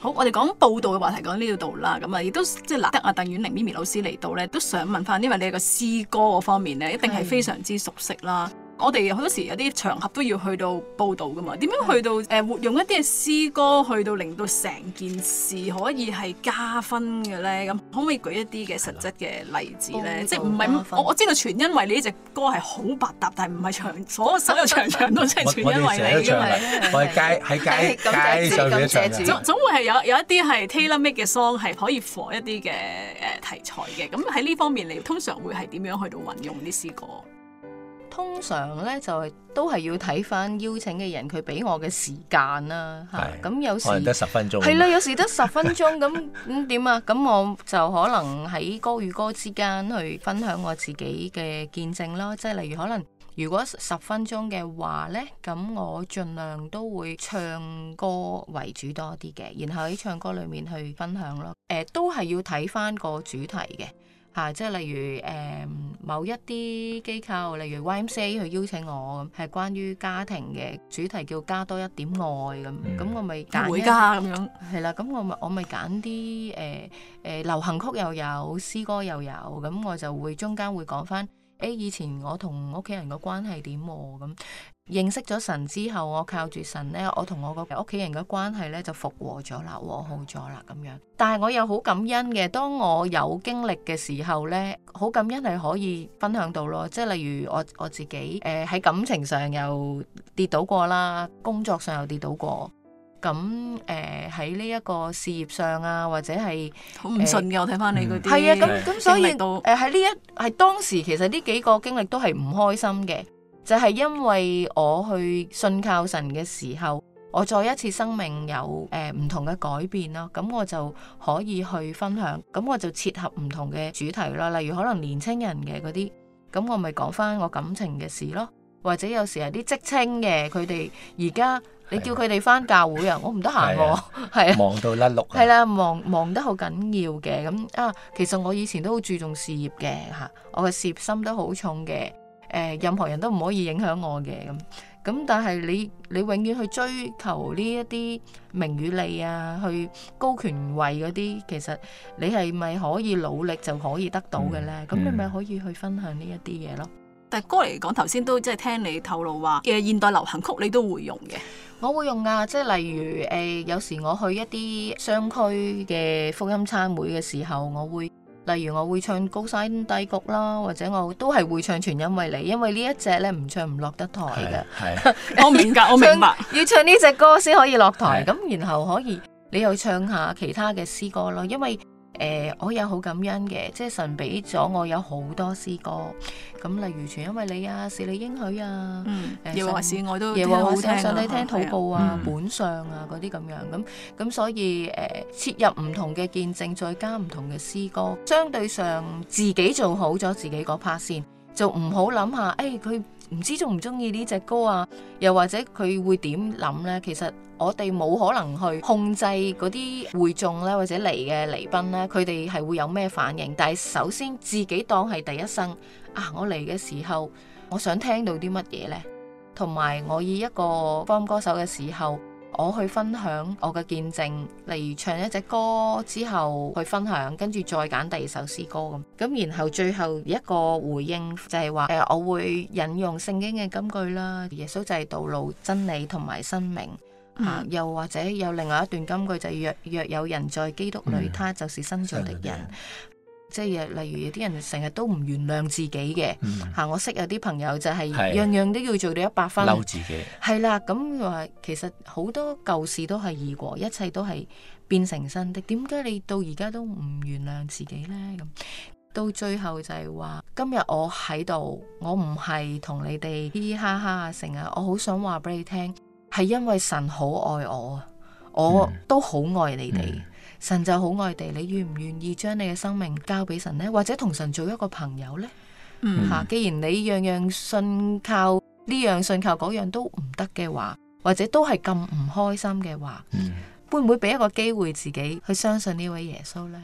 好，我哋講報道嘅話題講、啊、到呢度啦，咁啊，亦都即係得阿鄧婉玲咪咪老師嚟到咧，都想問翻，因為你係個詩歌嗰方面咧，一定係非常之熟悉啦。的我哋好多時有啲場合都要去到報道㗎嘛，點樣去到誒活、呃、用一啲嘅詩歌去到令到成件事可以係加分嘅咧？咁可唔可以舉一啲嘅實質嘅例子咧？即係唔係我我知道全因為你呢隻歌係好百搭，但係唔係場所有所有場場都係全， 們全因為你因我常常 我哋上一場啦。我喺街喺 街 街上邊唱嘅。總 總會係有有一啲係 Taylor made 嘅 song 係可以火一啲嘅誒題材嘅。咁喺呢方面你通常會係點樣去到運用啲詩歌？通常咧就係都係要睇翻邀請嘅人佢俾我嘅時間啦、啊，嚇咁是、啊、有時，可能得十分鐘，係啦，有時得十分鐘咁咁點啊？咁我就可能喺歌與歌之間去分享我自己嘅見證咯，即係例如可能如果十分鐘嘅話咧，咁我盡量都會唱歌為主多啲嘅，然後喺唱歌裡面去分享咯。誒、呃，都係要睇翻個主題嘅。啊，即係例如誒、嗯，某一啲機構，例如 YMCA 去邀請我咁，係關於家庭嘅主題叫，叫加多一點愛咁，咁、嗯、我咪會加咁樣，係啦，咁我咪我咪揀啲誒誒流行曲又有，詩歌又有，咁我就會中間會講翻，誒、欸、以前我同屋企人個關係點咁。認識咗神之後，我靠住神咧，我同我個屋企人嘅關係咧就復和咗啦，和好咗啦咁樣。但係我又好感恩嘅，當我有經歷嘅時候咧，好感恩係可以分享到咯。即係例如我我自己誒喺、呃、感情上又跌倒過啦，工作上又跌倒過，咁誒喺呢一個事業上啊或者係好唔順嘅。我睇翻你嗰啲係啊，咁咁所以誒喺呢一係當時其實呢幾個經歷都係唔開心嘅。就係因為我去信靠神嘅時候，我再一次生命有誒唔同嘅改變咯，咁我就可以去分享，咁我就切合唔同嘅主題啦。例如可能年青人嘅嗰啲，咁我咪講翻我感情嘅事咯。或者有時係啲職青嘅，佢哋而家你叫佢哋翻教會啊，我唔得閒我係啊，啊忙到甩碌係啦，忙忙得好緊要嘅。咁啊，其實我以前都好注重事業嘅吓，我嘅事業心都好重嘅。任何人都唔可以影響我嘅咁，咁但係你你永遠去追求呢一啲名與利啊，去高權位嗰啲，其實你係咪可以努力就可以得到嘅呢？咁、嗯、你咪可以去分享呢一啲嘢咯。但歌嚟講頭先都即係聽你透露話嘅現代流行曲，你都會用嘅。我會用啊，即係例如誒、呃，有時我去一啲商區嘅福音餐會嘅時候，我會。例如我會唱《高山低谷》啦，或者我都係會唱《全因為你》，因為一隻呢一隻咧唔唱唔落得台。係啊，我明噶，我明白。要唱呢隻歌先可以落台，咁 的然後可以你又唱下其他嘅詩歌咯，因為。誒、呃，我有好感恩嘅，即係神俾咗我有好多詩歌，咁例如全因為你啊，是你應許啊，耶和華是我都，耶和華是啊，上帝聽禱告啊，啊本相啊嗰啲咁樣，咁咁所以誒，切、呃、入唔同嘅見證，再加唔同嘅詩歌，相對上自己做好咗自己嗰 part 先，就唔好諗下，誒、哎、佢。唔知中唔中意呢隻歌啊？又或者佢會點諗呢？其實我哋冇可能去控制嗰啲會眾咧，或者嚟嘅離賓咧，佢哋係會有咩反應？但係首先自己當係第一生啊！我嚟嘅時候，我想聽到啲乜嘢呢？同埋我以一個幫歌手嘅時候。我去分享我嘅見證，例如唱一隻歌之後去分享，跟住再揀第二首詩歌咁，咁然後最後一個回應就係話，誒，我會引用聖經嘅金句啦，耶穌就係道路、真理同埋生命啊。嗯、又或者有另外一段金句就係若若有人在基督裏，他就是新造的人。嗯即係例如有啲人成日都唔原諒自己嘅，嚇、嗯啊、我識有啲朋友就係是樣樣都要做到一百分，嬲自己。係啦，咁、嗯、話其實好多舊事都係已過，一切都係變成新的。點解你到而家都唔原諒自己呢？咁到最後就係話，今日我喺度，我唔係同你哋嘻嘻哈哈啊，成日我好想話俾你聽，係因為神好愛我啊，我、嗯、都好愛你哋。嗯嗯。神就好愛地，你願唔願意將你嘅生命交俾神呢？或者同神做一個朋友呢？吓、嗯，既然你樣樣信靠呢樣信靠嗰樣都唔得嘅話，或者都係咁唔開心嘅話，嗯、會唔會俾一個機會自己去相信呢位耶穌呢？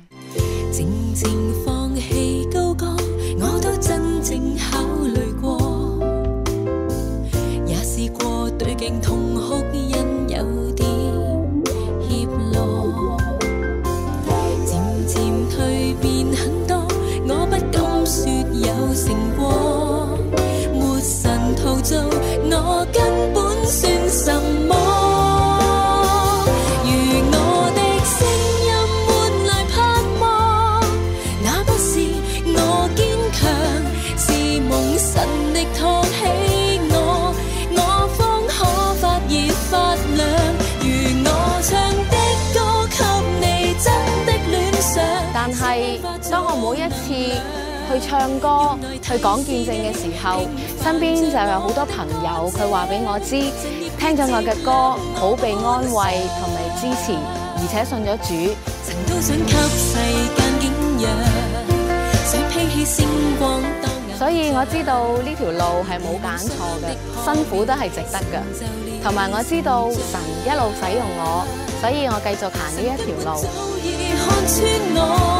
靜靜放棄高歌，我都真正考慮過，也試過對鏡什麼？如我的聲音換嚟盼望，那不是我堅強，是夢神力托起我，我方可發熱發亮。如我唱的歌給你真的戀想。但係當我每一次，去唱歌，去講見證嘅時候，身邊就有好多朋友，佢話俾我知，聽咗我嘅歌好被安慰同埋支持，而且信咗主。嗯、所以我知道呢條路係冇揀錯嘅，辛苦都係值得嘅，同埋我知道神一路使用我，所以我繼續行呢一條路。嗯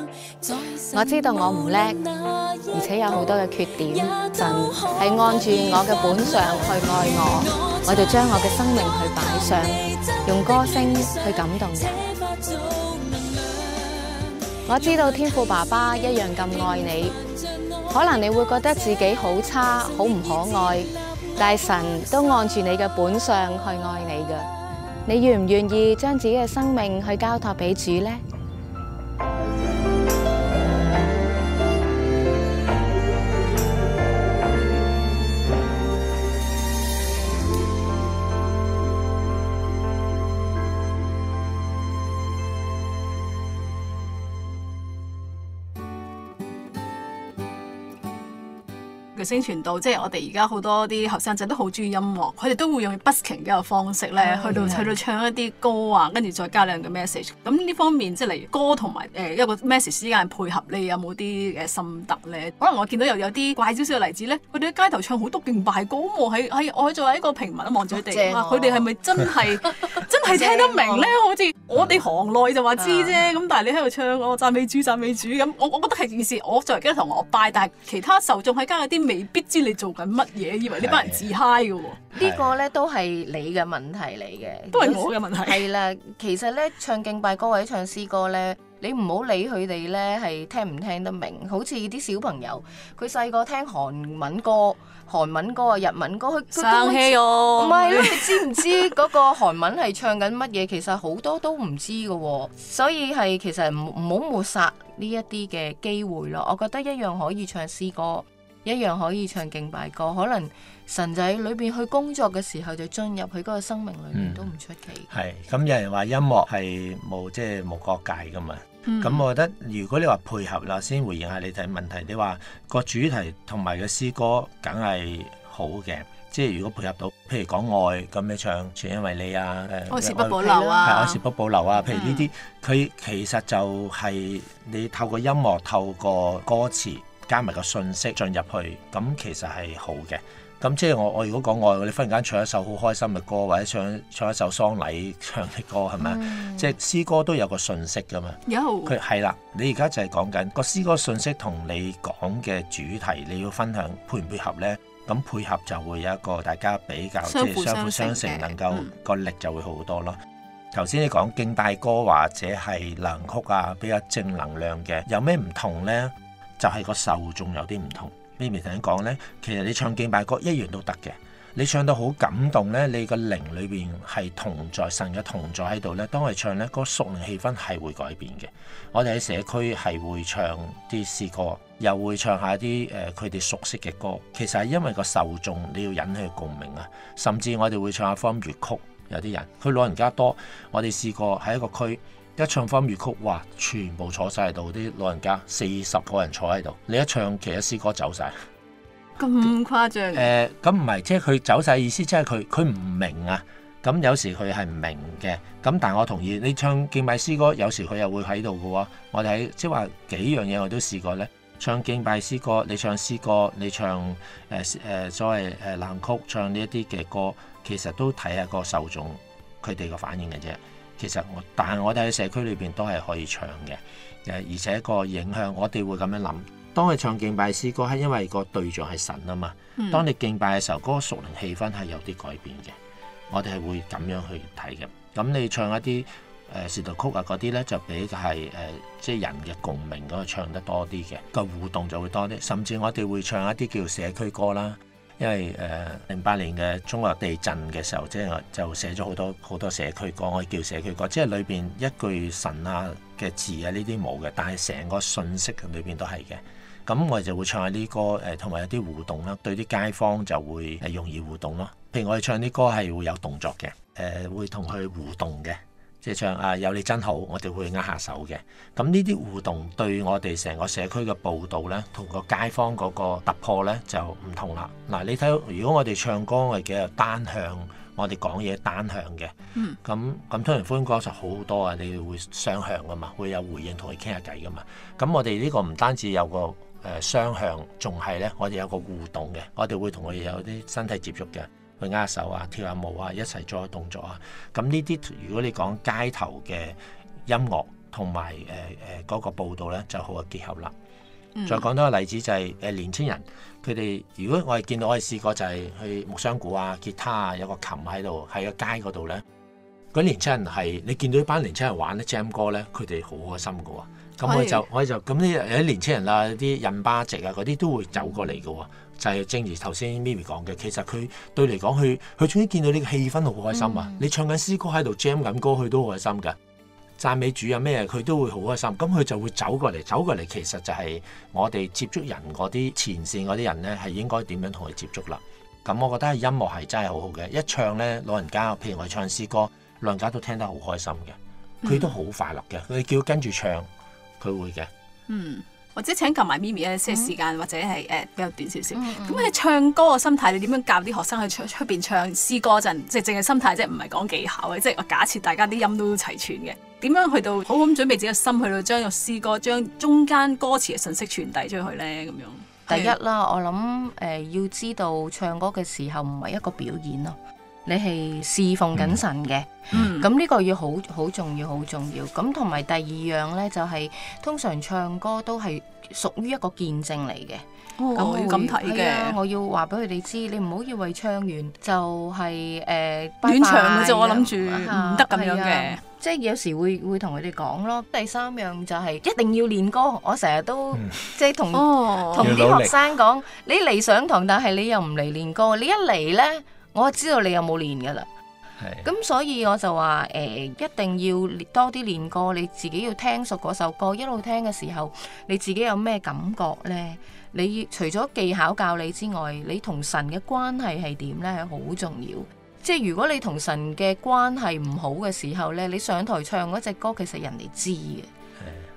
我知道我唔叻，而且有好多嘅缺點。神係按住我嘅本相去愛我，我就將我嘅生命去擺上，用歌聲去感動人。 我知道天父爸爸一樣咁愛你，可能你會覺得自己好差，好唔可愛，但係神都按住你嘅本相去愛你嘅。你願唔願意將自己嘅生命去交託俾主呢？宣傳到，即係我哋而家好多啲後生仔都好中意音樂，佢哋都會用 busking 嘅方式咧，去到去到唱一啲歌啊，跟住再加兩個 message。咁呢方面，即係例如歌同埋誒一個 message 之間配合，你有冇啲嘅心得咧？可能我見到又有啲怪少少嘅例子咧，佢哋喺街頭唱好多敬拜歌，我係我喺作為一個平民望住佢哋，佢哋係咪真係真係聽得明咧？好似我哋行內就話知啫，咁但係你喺度唱，我讚美主，讚美主咁，我我覺得係件事。我作為而家同學拜，但係其他受眾喺街咗啲。未必知你做緊乜嘢，以為你班人自 high 嘅喎。呢的的個呢都係你嘅問題嚟嘅，都係我嘅問題。係啦， 其實呢唱敬拜歌或者唱詩歌呢，你唔好理佢哋呢係聽唔聽得明。好似啲小朋友，佢細個聽韓文歌、韓文歌啊、日文歌，佢生氣哦。唔係咧，你知唔知嗰個韓文係唱緊乜嘢？其實好多都唔知嘅，所以係其實唔唔好抹殺呢一啲嘅機會咯。我覺得一樣可以唱詩歌。一樣可以唱敬拜歌，可能神仔喺裏邊去工作嘅時候，就進入佢嗰個生命裏面、嗯、都唔出奇。係咁，有人話音樂係冇即係冇國界㗎嘛。咁、嗯、我覺得如果你話配合啦，先回應下你嘅問題。你話個主題同埋個詩歌梗係好嘅，即係如果配合到，譬如講愛咁樣唱全因為你啊，愛是不保留啊，愛、啊啊、是、啊、不保留啊。譬如呢啲，佢其實就係你透過音樂，透過歌詞。加埋個信息進入去，咁其實係好嘅。咁即係我我如果講我，你忽然間唱一首好開心嘅歌，或者唱唱一首喪禮唱嘅歌，係咪？嗯，即係詩歌都有個信息㗎嘛。佢係啦，你而家就係講緊個詩歌信息同你講嘅主題，你要分享配唔配合呢？咁配合就會有一個大家比較即係相輔相成，能夠個力就會好多咯。頭先你講敬拜歌或者係靈曲啊，比較正能量嘅，有咩唔同，同呢？就係個受眾有啲唔同你，咪頭先講呢？其實你唱敬拜歌一樣都得嘅，你唱到好感動呢，你個靈裏邊係同在，神嘅同在喺度呢。當佢唱呢嗰、那個屬靈氣氛係會改變嘅。我哋喺社區係會唱啲詩歌，又會唱下啲誒佢哋熟悉嘅歌，其實係因為個受眾你要引起共鳴啊，甚至我哋會唱下方粵曲，有啲人佢老人家多，我哋試過喺一個區。一唱翻粵曲，哇！全部坐晒喺度啲老人家，四十個人坐喺度。你一唱，其他詩歌走晒，咁誇張？誒、呃，咁唔係，即係佢走晒意思，即係佢佢唔明啊。咁有時佢係唔明嘅。咁，但我同意，你唱敬拜詩歌，有時佢又會喺度嘅。我哋喺即係話幾樣嘢，我都試過咧。唱敬拜詩歌，你唱詩歌，你唱誒誒、呃、所謂誒難曲，唱呢一啲嘅歌，其實都睇下個受眾佢哋嘅反應嘅啫。其實我，但係我哋喺社區裏邊都係可以唱嘅，誒，而且個影響我哋會咁樣諗。當佢唱敬拜詩歌，係因為個對象係神啊嘛。當你敬拜嘅時候，嗰、那個屬靈氣氛係有啲改變嘅。我哋係會咁樣去睇嘅。咁你唱一啲誒，士、呃、道曲啊嗰啲咧，就比係誒、呃，即係人嘅共鳴嗰個唱得多啲嘅，個互動就會多啲。甚至我哋會唱一啲叫社區歌啦。因為誒零八年嘅中國地震嘅時候，即係就寫咗好多好多社區歌，我哋叫社區歌，即係裏邊一句神啊嘅字啊呢啲冇嘅，但係成個信息裏邊都係嘅。咁我哋就會唱下啲歌，誒同埋有啲互動啦，對啲街坊就會容易互動咯。譬如我哋唱啲歌係會有動作嘅，誒會同佢互動嘅。即係唱啊有你真好，我哋會握下手嘅。咁呢啲互動對我哋成個社區嘅報道呢，同個街坊嗰個突破呢，就唔同啦。嗱、啊，你睇，如果我哋唱歌叫做單向，我哋講嘢單向嘅。嗯。咁咁，通常歡歌就好多啊！你要會雙向噶嘛，會有回應同佢傾下偈噶嘛。咁我哋呢個唔單止有個誒雙向，仲係呢，我哋有個互動嘅，我哋會同佢有啲身體接觸嘅。去握手啊，跳下舞啊，一齊做下動作啊。咁呢啲，如果你講街頭嘅音樂同埋誒誒嗰個報道咧，就好嘅結合啦。嗯、再講多個例子就係、是、誒、呃、年輕人，佢哋如果我哋見到我哋試過就係去木箱鼓啊、吉他啊，有個琴喺度喺個街嗰度咧。嗰啲年輕人係你見到一班年輕人玩呢 Jam 歌咧，佢哋好開心嘅喎、啊。咁佢就是我就咁啲啲年青人啊，啲印巴籍啊，嗰啲都會走過嚟嘅、哦。就係、是、正如頭先 Mimi 講嘅，其實佢對嚟講，佢佢總之見到呢個氣氛好開心啊。嗯、你唱緊詩歌喺度 jam 緊歌，佢都好開心嘅。讚美主啊咩，佢都會好開心。咁佢就會走過嚟，走過嚟其實就係我哋接觸人嗰啲前線嗰啲人咧，係應該點樣同佢接觸啦？咁我覺得係音樂係真係好好嘅。一唱咧，老人家譬如我唱詩歌，老人家都聽得好開心嘅，佢都好快樂嘅。佢、嗯、叫佢跟住唱。佢會嘅，嗯，或者請夾埋咪咪，即係時間、嗯、或者係誒比較短少少。咁、嗯、你唱歌嘅心態，嗯、你點樣教啲學生去出出邊唱詩歌嗰陣？即係淨係心態啫，唔係講技巧嘅。即係我假設大家啲音都齊全嘅，點樣去到好好咁準備自己嘅心，去到將個詩歌將中間歌詞嘅信息傳遞出去咧咁樣。嗯、是第一啦，我諗誒、呃、要知道唱歌嘅時候唔係一個表演咯，你係侍奉緊神嘅。嗯嗯咁呢個要好好重要，好重要。咁同埋第二樣呢，就係、是、通常唱歌都係屬於一個見證嚟嘅，咁睇嘅。我要話俾佢哋知，你唔好以為唱完就係、是、誒、呃、短啫。我諗住唔得咁樣嘅，即係、啊就是、有時會會同佢哋講咯。第三樣就係、是、一定要練歌。我成日都即係同同啲學生講，你嚟上堂，但係你又唔嚟練歌，你一嚟呢，我就知道你有冇練㗎啦。咁所以我就話誒、欸，一定要多啲練歌，你自己要聽熟嗰首歌。一路聽嘅時候，你自己有咩感覺呢？你除咗技巧教你之外，你同神嘅關係係點呢？好重要。即係如果你同神嘅關係唔好嘅時候呢，你上台唱嗰隻歌，其實人哋知嘅。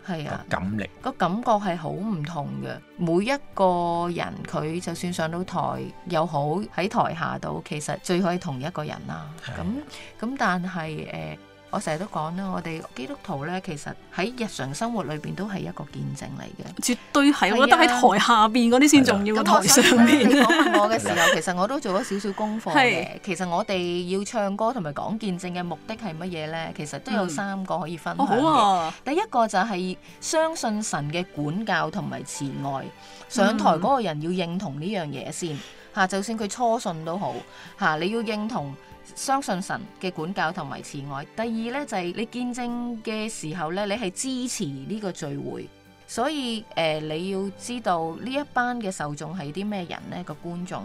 係啊，個感力，個感覺係好唔同嘅。每一個人佢就算上到台又好，喺台下度其實最可以同一個人啦。咁咁的，但係誒。呃我成日都講啦，我哋基督徒咧，其實喺日常生活裏邊都係一個見證嚟嘅。絕對係，我覺得喺台下邊嗰啲先重要。啊啊、台上面你問我嘅時候， 其實我都做咗少少功課嘅。是其實我哋要唱歌同埋講見證嘅目的係乜嘢咧？其實都有三個可以分享嘅。嗯、第一個就係相信神嘅管教同埋慈愛。嗯、上台嗰個人要認同呢樣嘢先嚇，嗯、就算佢初信都好嚇，你要認同。相信神嘅管教同埋慈愛。第二呢，就係你見證嘅時候呢，你係支持呢個聚會。所以誒，你要知道呢一班嘅受眾係啲咩人呢？個觀眾。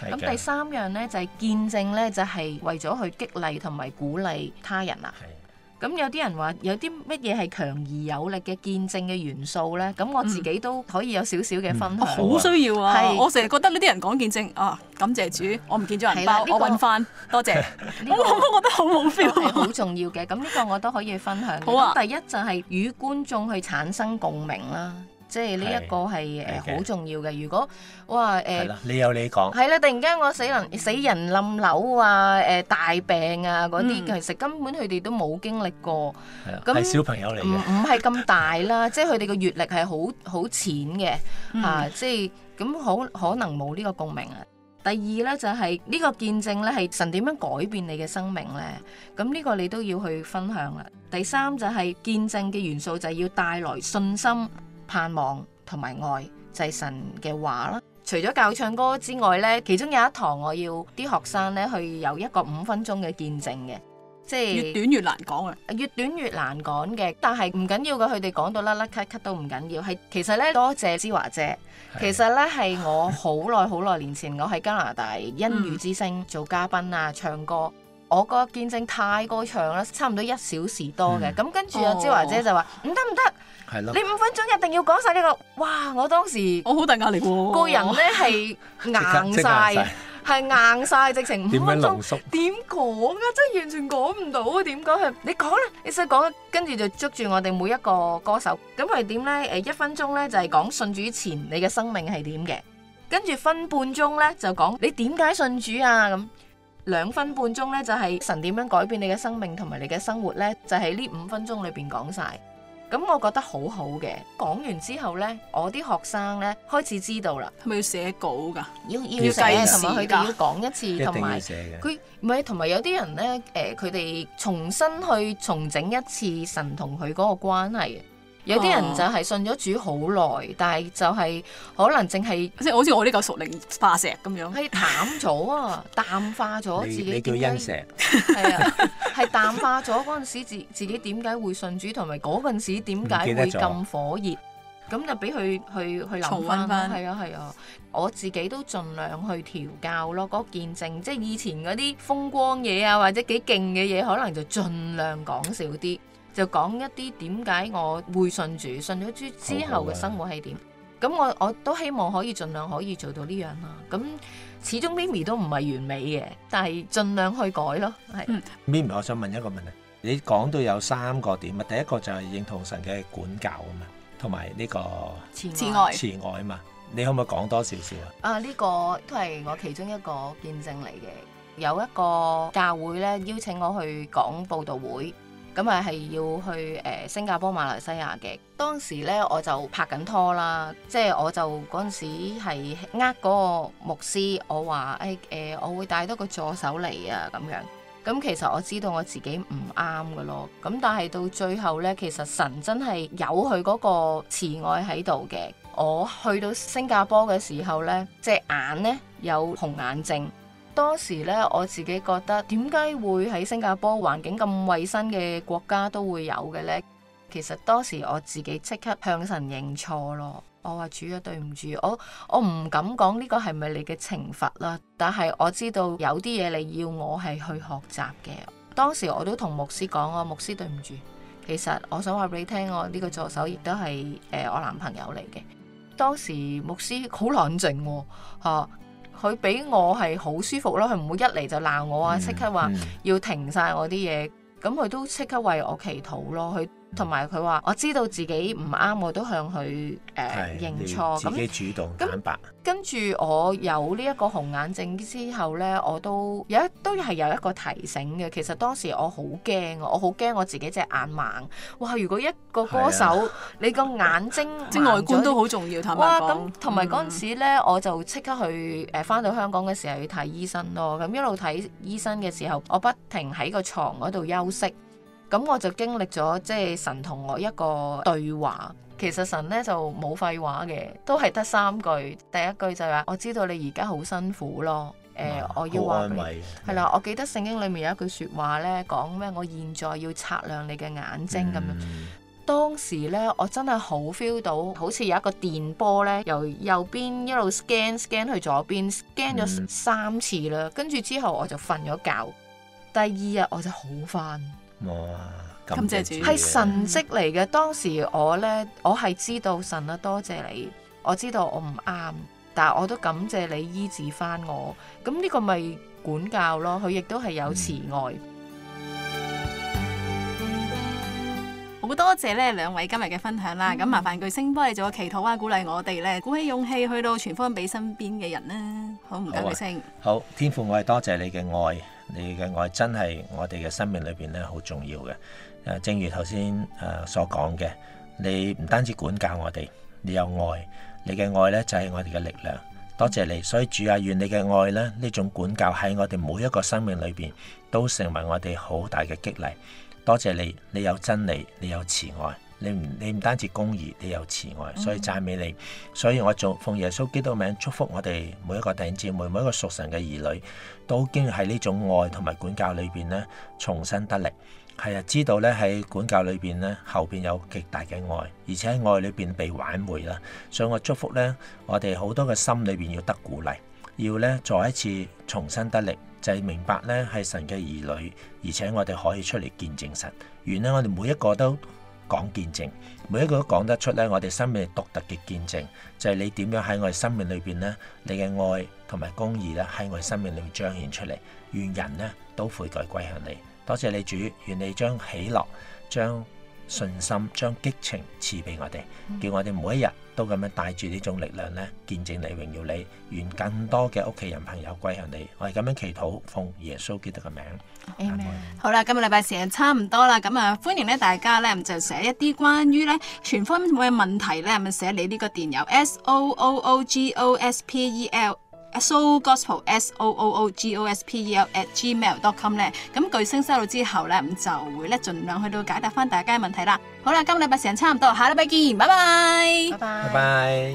咁第三樣呢，就係見證呢，就係為咗去激勵同埋鼓勵他人啊。咁有啲人話有啲乜嘢係強而有力嘅見證嘅元素咧？咁我自己都可以有少少嘅分享，好需要啊！係、啊、是我成日覺得呢啲人講見證啊，感謝主，我唔見咗銀包，這個、我揾翻，多謝。這個、我我覺得好冇 feel，好重要嘅。咁呢個我都可以分享。 好啊，第一就係與觀眾去產生共鳴啦。即係呢一個係誒好重要嘅。的如果哇誒、呃，你有你講係啦，突然間我死人死人冧樓啊！誒、呃、大病啊嗰啲，嗯、其實根本佢哋都冇經歷過。係的那小朋友嚟嘅，唔唔係咁大啦。 即係佢哋嘅閲歷係好好淺嘅、嗯、啊。即係咁好可能冇呢個共鳴啊。第二咧就係、是、呢個見證咧係神點樣改變你嘅生命咧？咁呢個你都要去分享啦。第三就係見證嘅元素就係要帶來信心。盼望同埋愛就係神嘅話啦。除咗教唱歌之外咧，其中有一堂我要啲學生咧去有一個五分鐘嘅見證嘅，即係越短越難講啊，越短越難講嘅。但係唔緊要嘅，佢哋講到甩甩咳咳都唔緊要。係其實咧，多謝芝華姐，其實咧係我好耐好耐年前我喺加拿大恩雨之聲做嘉賓啊，唱歌。我個見證太過長啦，差唔多一小時多嘅。咁跟住阿芝華姐就話：唔得唔得，你五分鐘一定要講晒呢個。哇！我當時我好大壓力喎，個人呢係硬晒，係硬晒，直情五分鐘點講啊？真係完全講唔到啊！點講啊？你講啦，你再講，跟住就捉住我哋每一個歌手。咁係點呢？誒一分鐘呢就係講信主前你嘅生命係點嘅，跟住分半鐘呢就講你點解信主啊咁。兩分半鐘咧就係神點樣改變你嘅生命同埋你嘅生活咧，就喺呢五分鐘裏邊講晒。咁我覺得好好嘅。講完之後咧，我啲學生咧開始知道啦。係咪要寫稿噶？要寫要計要寫，同埋佢哋要講一次，同埋佢唔係，同埋有啲人咧，誒，佢哋重新去重整一次神同佢嗰個關係。有啲人就係信咗主好耐，但係就係可能淨係即係好似我呢個熟齡化石咁樣，係淡咗啊，淡化咗自己點解係啊？係 淡化咗嗰陣時，自自己點解會信主，同埋嗰陣時點解會咁火熱？咁就俾佢去去諗翻。係啊係啊，啊，啊，我自己都盡量去調教咯、啊。嗰個見證，即係以前嗰啲風光嘢啊，或者幾勁嘅嘢，可能就盡量講少啲。就講一啲點解我會信住，信咗之之後嘅生活係點。咁我我都希望可以盡量可以做到呢樣啦。咁始終咪咪都唔係完美嘅，但係盡量去改咯。係咪咪？我想問一個問題，你講到有三個點啊。第一個就係認同神嘅管教啊嘛，同埋呢個慈愛，慈愛嘛。你可唔可以講多少少啊？啊，呢個都係我其中一個見證嚟嘅。有一個教會咧邀請我去講報道會。咁啊，係要去誒、呃、新加坡馬來西亞嘅。當時咧，我就拍緊拖啦，即係我就嗰陣時係呃嗰個牧師，我話誒誒，我會帶多個助手嚟啊咁樣。咁、嗯、其實我知道我自己唔啱㗎咯。咁但係到最後咧，其實神真係有佢嗰個慈愛喺度嘅。我去到新加坡嘅時候咧，隻眼咧有紅眼症。當時咧，我自己覺得點解會喺新加坡環境咁衞生嘅國家都會有嘅咧？其實當時我自己即刻向神認錯咯，我話主啊，對唔住，我我唔敢講呢個係咪你嘅懲罰啦，但係我知道有啲嘢你要我係去學習嘅。當時我都同牧師講，我、啊、牧師對唔住。其實我想話俾你聽，我呢個助手亦都係誒我男朋友嚟嘅。當時牧師好冷靜嚇、啊。啊佢俾我係好舒服咯，佢唔會一嚟就鬧我啊，即、mm hmm. mm hmm. 刻話要停晒我啲嘢，咁佢都即刻為我祈禱咯，佢。同埋佢話：我知道自己唔啱，我都向佢誒、呃、是認錯錯。咁自己主動坦白。跟住我有呢一個紅眼症之後呢，我都有一都係有一個提醒嘅。其實當時我好驚，我好驚我自己隻眼盲。哇！如果一個歌手、啊、你個眼睛即外 觀都好重要。哇！咁同埋嗰陣時咧，嗯、我就即刻去誒返、呃、到香港嘅時候去睇醫生咯。咁一路睇醫生嘅時候，我不停喺個床嗰度休息。咁我就經歷咗即係神同我一個對話，其實神咧就冇廢話嘅，都係得三句。第一句就話，我知道你而家好辛苦咯。誒、呃、啊、我要話係啦。我記得聖經裡面有一句説話咧，講咩？我現在要擦亮你嘅眼睛咁、嗯、樣。當時咧，我真係好 feel 到，好似有一個電波咧，由右邊一路 scan scan 去左邊，scan 咗三次啦。跟住、嗯、之後我就瞓咗覺。第二日我就好返。哇、哦！感謝主，係神蹟嚟嘅。嗯、當時我呢，我係知道神啊，多謝你。我知道我唔啱，但係我都感謝你醫治翻我。咁呢個咪管教咯，佢亦都係有慈愛。好、嗯、多謝呢兩位今日嘅分享啦。咁、嗯、麻煩巨星幫你做個祈禱啦、啊，鼓勵我哋呢，鼓起勇氣去到傳福音俾身邊嘅人啦。好唔該，啊、巨星。好，天父，我係多謝你嘅愛。你嘅愛真係我哋嘅生命裏邊咧好重要嘅。正如頭先所講嘅，你唔單止管教我哋，你有愛，你嘅愛咧就係我哋嘅力量。多謝你，所以主啊，願你嘅愛咧呢種管教喺我哋每一個生命裏邊都成為我哋好大嘅激勵。多謝你，你有真理，你有慈愛。你唔你唔單止公義，你又慈愛，所以讚美你。所以，我做奉耶穌基督名祝福我哋每一個弟兄姊妹，每一個屬神嘅兒女，都經喺呢種愛同埋管教裏邊咧，重新得力。係啊，知道咧喺管教裏邊咧，後邊有極大嘅愛，而且喺愛裏邊被挽回啦。所以我祝福咧，我哋好多嘅心裏邊要得鼓勵，要咧再一次重新得力，就係、是、明白咧係神嘅兒女，而且我哋可以出嚟見證神。願咧我哋每一個都。講見證，每一個都講得出咧。我哋生命獨特嘅見證，就係、是、你點樣喺我哋生命裏邊咧，你嘅愛同埋公義咧，喺我哋生命裏面彰顯出嚟。願人咧都悔改歸，歸向你。多謝你主，願你將喜樂、將信心、將激情賜俾我哋，叫我哋每一日。都咁樣帶住呢種力量咧，見證你榮耀你，願更多嘅屋企人朋友歸向你。我哋咁樣祈禱，奉耶穌基督嘅名。好啦，今日禮拜時間差唔多啦，咁啊歡迎咧大家咧，就寫一啲關於咧全方位嘅問題咧，係咪寫你呢個電郵 S O O O G O S P E L。so gospel s o o o g o s p e l at gmail dot com 咧，咁巨星收到之後咧，咁就會咧盡量去到解答返大家嘅問題啦。好啦，今禮拜時間差唔多，下禮拜見，拜拜。拜拜。